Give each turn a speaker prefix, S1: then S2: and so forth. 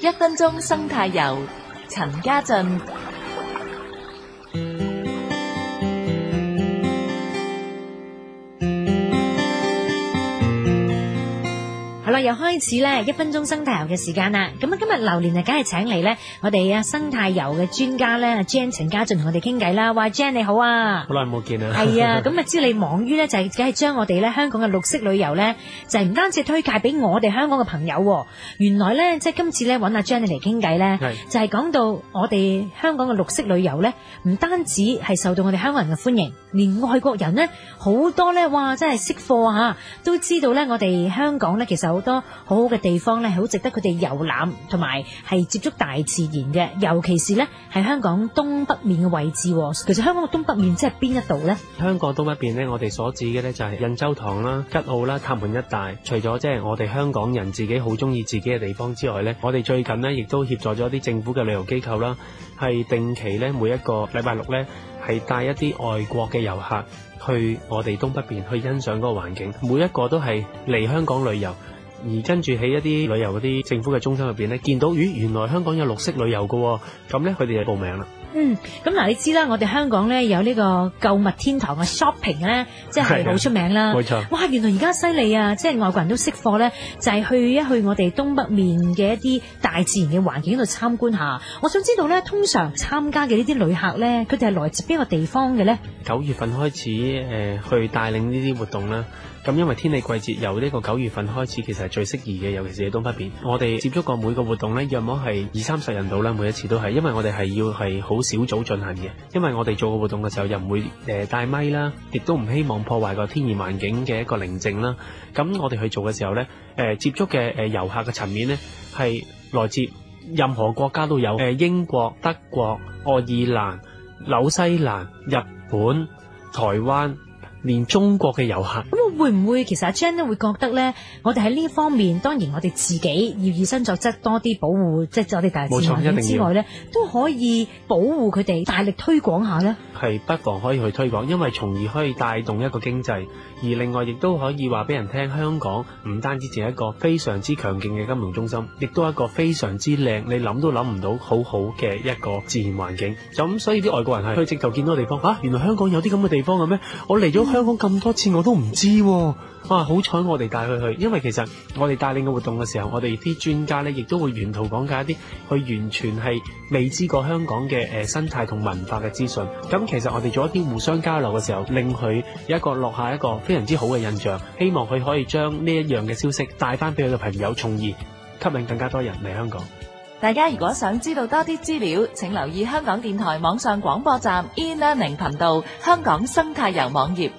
S1: 一分鐘生態遊，陳家俊。又開始咧一分鐘生態遊嘅時間啦！咁啊，今日榴槤啊，梗係請嚟咧，我哋啊生態遊嘅專家咧，阿 Jane 陳家俊同我哋傾偈啦。哇，Jane 你好啊！
S2: 好耐冇見啊！係、嗯、啊！
S1: 咁啊，知你忙於咧，就係梗係將我哋咧香港嘅綠色旅遊咧，就係、是、唔單止推介俾我哋香港嘅朋友。原來咧，即、就、係、是、今次咧揾阿 Jane 嚟傾偈咧，就係、是、講到我哋香港嘅綠色旅遊咧，唔單止係受到我哋香港人嘅歡迎，連外國人咧好多咧，哇！真係識貨嚇，都知道咧我哋香港咧其實好。多很好好嘅地方咧，好值得佢哋遊覽同埋係接觸大自然嘅。尤其是呢，係香港東北面嘅位置。其實香港嘅東北面即係邊一度呢？
S2: 香港東北邊呢，我哋所指嘅呢，就係印洲塘啦、吉澳啦、塔門一帶。除咗即係我哋香港人自己好中意自己嘅地方之外呢，我哋最近呢，亦都協助咗啲政府嘅旅遊機構啦，係定期呢，每一個禮拜六呢，係帶一啲外國嘅遊客去我哋東北邊去欣賞嗰個環境。每一個都係嚟香港旅遊。而跟住喺一啲旅遊嗰啲政府嘅中心入邊咧，見到咦，原來香港有綠色旅遊嘅，咁咧佢哋就報名啦。
S1: 嗯，咁嗱，你知啦，我哋香港咧有呢個購物天堂嘅 shopping 咧，即係好出名啦。冇錯。哇，原來而家犀利啊！即係外國人都識貨咧，就係、是、去一去我哋東北面嘅一啲大自然嘅環境度參觀下。我想知道咧，通常參加嘅呢啲旅客咧，佢哋係來自邊個地方嘅咧？
S2: 九月份開始誒、呃，去帶領呢啲活動啦。咁因為天氣季節由呢個九月份開始，其實係最適宜嘅，尤其是喺東北邊。我哋接觸過每個活動咧，約莫係二三十人到啦，每一次都係，因為我哋係要係好。好小組進行嘅，因為我哋做個活動嘅時候又唔會誒、呃、帶咪啦，亦都唔希望破壞個天然環境嘅一個寧靜啦。咁我哋去做嘅時候呢，呃、接觸嘅、呃、遊客嘅層面呢，係來自任何國家都有，呃、英國、德國、愛爾蘭、紐西蘭、日本、台灣，連中國嘅遊客。
S1: 會唔會其實阿 Jane 會覺得呢？我哋喺呢方面，當然我哋自己要以身作則，多啲保護，即係我哋大自然環境之外呢，都可以保護佢哋，大力推廣下呢？
S2: 係不妨可以去推廣，因為從而可以帶動一個經濟，而另外亦都可以話俾人聽，香港唔單止淨係一個非常之強勁嘅金融中心，亦都係一個非常之靚，你諗都諗唔到好好嘅一個自然環境。咁所以啲外國人係去直頭見到個地方，啊，原來香港有啲咁嘅地方嘅咩？我嚟咗香港咁多次，我都唔知。哇、哦！好彩、啊、我哋帶佢去，因為其實我哋帶領嘅活動嘅時候，我哋啲專家咧亦都會沿途講解一啲，佢完全係未知過香港嘅誒、呃、生態同文化嘅資訊。咁其實我哋做一啲互相交流嘅時候，令佢有一個落下一個非常之好嘅印象。希望佢可以將呢一樣嘅消息帶翻俾佢嘅朋友，從而吸引更加多人嚟香港。
S1: 大家如果想知道多啲資料，請留意香港電台網上廣播站 In Learning 頻道、香港生態遊網頁。